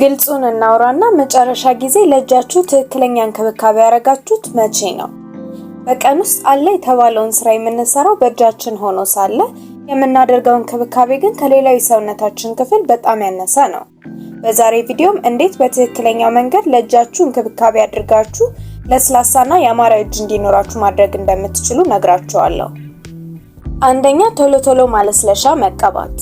ግልጹን እናውራና መጨረሻ ጊዜ ለእጃችሁ ትክክለኛ እንክብካቤ ያደረጋችሁት መቼ ነው? በቀን ውስጥ አለ የተባለውን ስራ የምንሰራው በእጃችን ሆኖ ሳለ የምናደርገው እንክብካቤ ግን ከሌላው የሰውነታችን ክፍል በጣም ያነሰ ነው። በዛሬ ቪዲዮም እንዴት በትክክለኛው መንገድ ለእጃችሁ እንክብካቤ አድርጋችሁ ለስላሳና ያማረ እጅ እንዲኖራችሁ ማድረግ እንደምትችሉ ነግራችኋለሁ። አንደኛ ቶሎ ቶሎ ማለስለሻ መቀባት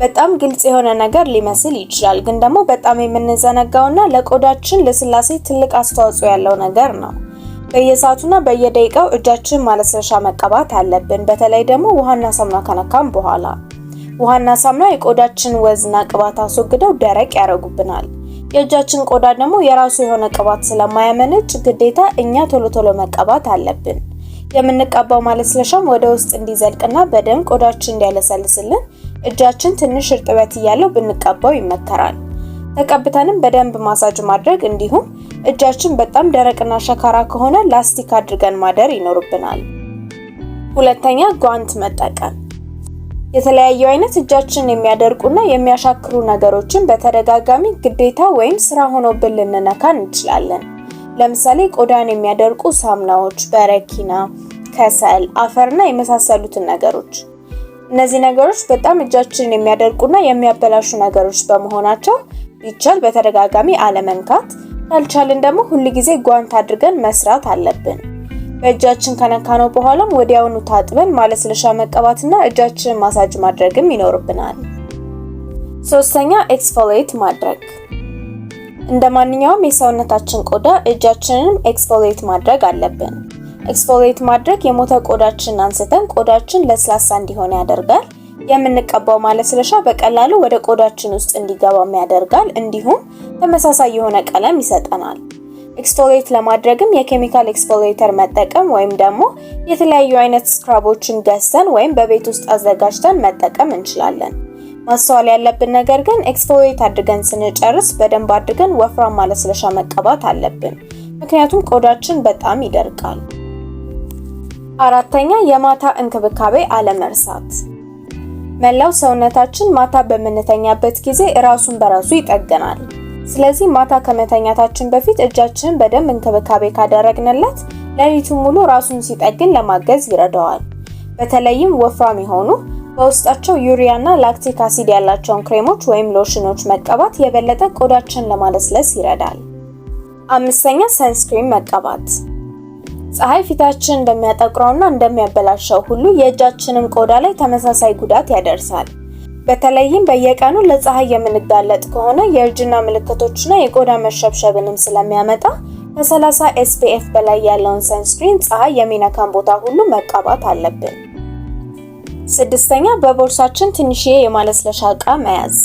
በጣም ግልጽ የሆነ ነገር ሊመስል ይችላል፣ ግን ደግሞ በጣም የምንዘነጋውና ለቆዳችን ለስላሴ ትልቅ አስተዋጽኦ ያለው ነገር ነው። በየሰዓቱና በየደቂቃው እጃችን ማለስለሻ መቀባት አለብን። በተለይ ደግሞ ውሃና ሳሙና ከነካም በኋላ ውሃና ሳሙና የቆዳችን ወዝና ቅባት አስወግደው ደረቅ ያደርጉብናል። የእጃችን ቆዳ ደግሞ የራሱ የሆነ ቅባት ስለማያመነጭ ግዴታ እኛ ቶሎ ቶሎ መቀባት አለብን። የምንቀባው ማለስለሻም ወደ ውስጥ እንዲዘልቅና በደንብ ቆዳችን እንዲያለሰልስልን እጃችን ትንሽ እርጥበት እያለው ብንቀባው ይመከራል። ተቀብተንም በደንብ ማሳጅ ማድረግ እንዲሁም እጃችን በጣም ደረቅና ሸካራ ከሆነ ላስቲክ አድርገን ማደር ይኖርብናል። ሁለተኛ ጓንት መጠቀም። የተለያዩ አይነት እጃችን የሚያደርቁና የሚያሻክሩ ነገሮችን በተደጋጋሚ ግዴታ ወይም ስራ ሆኖብን ልንነካ እንችላለን። ለምሳሌ ቆዳን የሚያደርቁ ሳሙናዎች፣ በረኪና፣ ከሰል፣ አፈርና የመሳሰሉትን ነገሮች እነዚህ ነገሮች በጣም እጃችንን የሚያደርቁና የሚያበላሹ ነገሮች በመሆናቸው ቢቻል በተደጋጋሚ አለመንካት፣ ካልቻልን ደግሞ ሁልጊዜ ጓንት አድርገን መስራት አለብን። በእጃችን ከነካነው በኋላም ወዲያውኑ ታጥበን ማለስለሻ መቀባትና እጃችንን ማሳጅ ማድረግም ይኖርብናል። ሶስተኛ ኤክስፎሌት ማድረግ እንደ ማንኛውም የሰውነታችን ቆዳ እጃችንንም ኤክስፎሌት ማድረግ አለብን። ኤክስፎሌት ማድረግ የሞተ ቆዳችንን አንስተን ቆዳችን ለስላሳ እንዲሆን ያደርጋል። የምንቀባው ማለስለሻ በቀላሉ ወደ ቆዳችን ውስጥ እንዲገባም ያደርጋል። እንዲሁም ተመሳሳይ የሆነ ቀለም ይሰጠናል። ኤክስፎሌት ለማድረግም የኬሚካል ኤክስፎሌተር መጠቀም ወይም ደግሞ የተለያዩ አይነት ስክራቦችን ገዝተን ወይም በቤት ውስጥ አዘጋጅተን መጠቀም እንችላለን። ማስተዋል ያለብን ነገር ግን ኤክስፎሌት አድርገን ስንጨርስ በደንብ አድርገን ወፍራም ማለስለሻ መቀባት አለብን፣ ምክንያቱም ቆዳችን በጣም ይደርቃል። አራተኛ የማታ እንክብካቤ አለመርሳት። መላው ሰውነታችን ማታ በምንተኛበት ጊዜ ራሱን በራሱ ይጠግናል። ስለዚህ ማታ ከመተኛታችን በፊት እጃችንን በደንብ እንክብካቤ ካደረግንለት ሌሊቱን ሙሉ ራሱን ሲጠግን ለማገዝ ይረዳዋል። በተለይም ወፍራም የሆኑ በውስጣቸው ዩሪያና ላክቲክ አሲድ ያላቸውን ክሬሞች ወይም ሎሽኖች መቀባት የበለጠ ቆዳችን ለማለስለስ ይረዳል። አምስተኛ ሰንስክሪን መቀባት ፀሐይ ፊታችን እንደሚያጠቁረውና እንደሚያበላሸው ሁሉ የእጃችንም ቆዳ ላይ ተመሳሳይ ጉዳት ያደርሳል። በተለይም በየቀኑ ለፀሐይ የምንጋለጥ ከሆነ የእርጅና ምልክቶችና የቆዳ መሸብሸብንም ስለሚያመጣ ከ30 ኤስፒኤፍ በላይ ያለውን ሰንስክሪን ፀሐይ የሚነካን ቦታ ሁሉ መቀባት አለብን። ስድስተኛ በቦርሳችን ትንሽዬ የማለስለሻ እቃ መያዝ።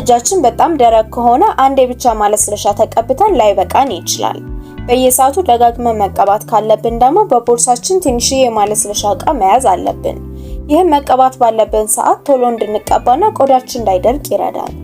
እጃችን በጣም ደረቅ ከሆነ አንዴ ብቻ ማለስለሻ ተቀብተን ላይበቃን ይችላል። በየሰዓቱ ደጋግመን መቀባት ካለብን ደግሞ በቦርሳችን ትንሽዬ የማለስለሻ እቃ መያዝ አለብን። ይህም መቀባት ባለብን ሰዓት ቶሎ እንድንቀባና ቆዳችን እንዳይደርቅ ይረዳል።